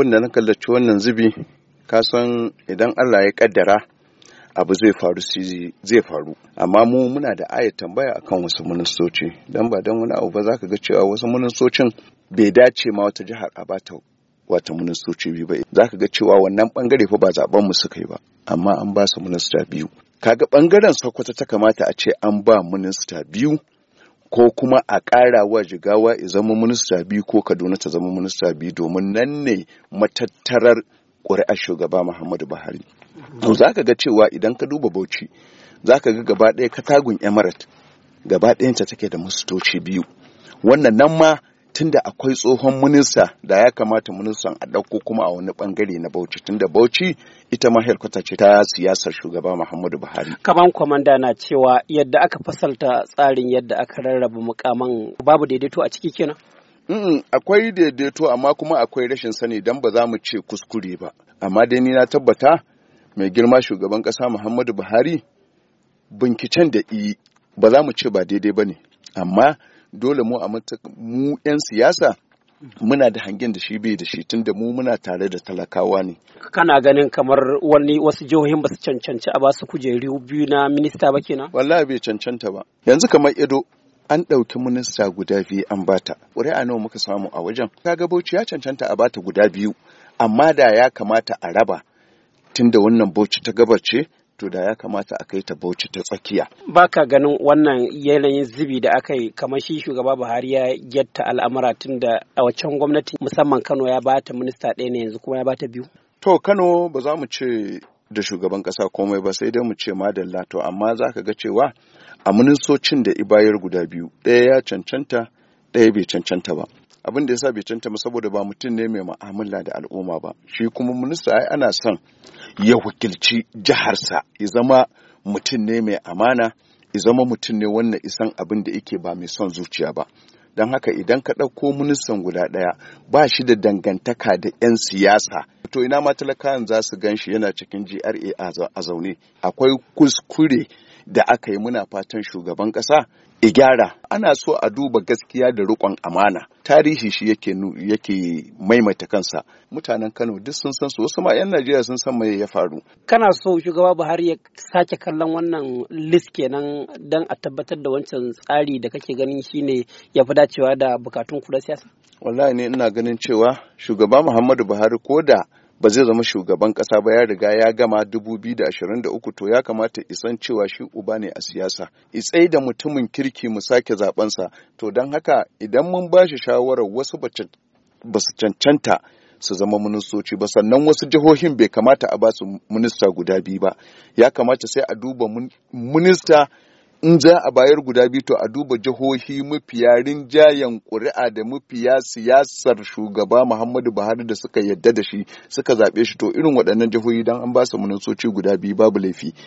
abin da na kallaci wannan zubi kasan idan Allah ya kaddara abu zai faru zai faru amma mu muna da ayat tambaya akan wasu ministoci dan ba dan wani abu ba zaka ga cewa wasu ministocin bai dace ma wata jihar a bata wata ministoci biyu ba zaka ga cewa wannan bangare fa ba zaben mu suka yi ba amma an ba su minista biyu kaga bangaren Sokoto ta kamata a ce an ba minista biyu ko kuma a ƙara wa jigawa ya zama minista biyu ko kaduna ta zama minista biyu domin nan ne matattarar ƙuri'ar shugaba muhammadu buhari to za ka ga cewa idan ka duba bauchi za ka ga gaba ɗaya katagun emirate gaba ɗayanta take da mustoci biyu wannan nan ma tunda akwai tsohon minista da ya kamata ministan a ɗauko kuma a wani bangare na Bauchi tunda Bauchi ita ma helkwata ce ta siyasar shugaba Muhammadu Buhari. Kaman kwamanda na cewa yadda aka fasalta tsarin yadda aka rarraba mukaman babu daidaito a ciki kenan. Mm akwai daidaito amma kuma akwai rashin sani dan ba za mu ce kuskure ba. Amma dai ni na tabbata mai girma shugaban ƙasa Muhammadu Buhari binkicen da iyi ba za mu ce ba daidai ba ne. Amma dole mu a mu 'yan siyasa mm. muna da hangen da shi bai da shi tunda mu muna tare da talakawa ne. Kana ganin kamar wani wasu jihohin ba su cancanci a ba su kujeru biyu na minista ba kenan? Wallahi bai cancanta ba. Yanzu kamar Ido. an ɗauki minista guda biyu an bata. Ƙuri'a nawa muka samu a wajen. ga Bauchi ya cancanta a bata guda biyu amma da ya kamata a raba tunda wannan Bauchi ta gabace. to da ya kamata a kai ta Bauchi ta tsakiya. Baka ganin wannan yanayin zubi da aka yi kamar shi shugaba Buhari ya gyatta al'amura tun da a waccan gwamnati musamman Kano ya ba ta minista ɗaya ne yanzu kuma ya ba ta biyu. To Kano ba za mu ce da shugaban ƙasa komai ba sai dai mu ce madalla to amma za ka ga cewa a ministocin da ibayar guda biyu ɗaya ya cancanta ɗaya bai cancanta ba. abin da ya yasa bai ba saboda ba mutum ne mai ma'amala da al'umma ba shi kuma minista ai ana son ya wakilci jiharsa ya zama mutum ne mai amana ya zama mutum ne wannan isan abin da yake ba mai son zuciya ba don haka idan ka ɗauko ministan guda ɗaya ba shi da dangantaka da 'yan siyasa to ina ma talakawan za su gan shi yana cikin GRA a zaune akwai kuskure da aka yi muna fatan shugaban kasa, i gyara ana so a duba gaskiya da riƙon amana tarihi shi yake yake maimaita kansa mutanen Kano duk sun san su wasu ma 'yan Najeriya sun san mai ya faru kana so shugaba Buhari ya sake kallon wannan list kenan dan a tabbatar da wancan tsari da kake ganin shine ya fi dacewa da bukatun ku siyasa wallahi ne ina ganin cewa shugaba Muhammadu Buhari ko da ba zai zama shugaban kasa ba ya riga ya gama 2023 to ya kamata isan cewa shi uba ne a siyasa itsai da mutumin kirki mu sake sa to don haka idan mun ba shi shawarar wasu ba su cancanta su zama ministoci ba sannan wasu jihohin bai kamata a ba su minista guda biyu ba ya kamata sai a duba minista in za a bayar guda biyu to a duba jihohi mafiya rinjayen ƙuri'a da mafiya siyasar shugaba Muhammadu Buhari da suka yadda da shi suka zaɓe shi to irin waɗannan jihohi dan an ba su guda biyu babu laifi.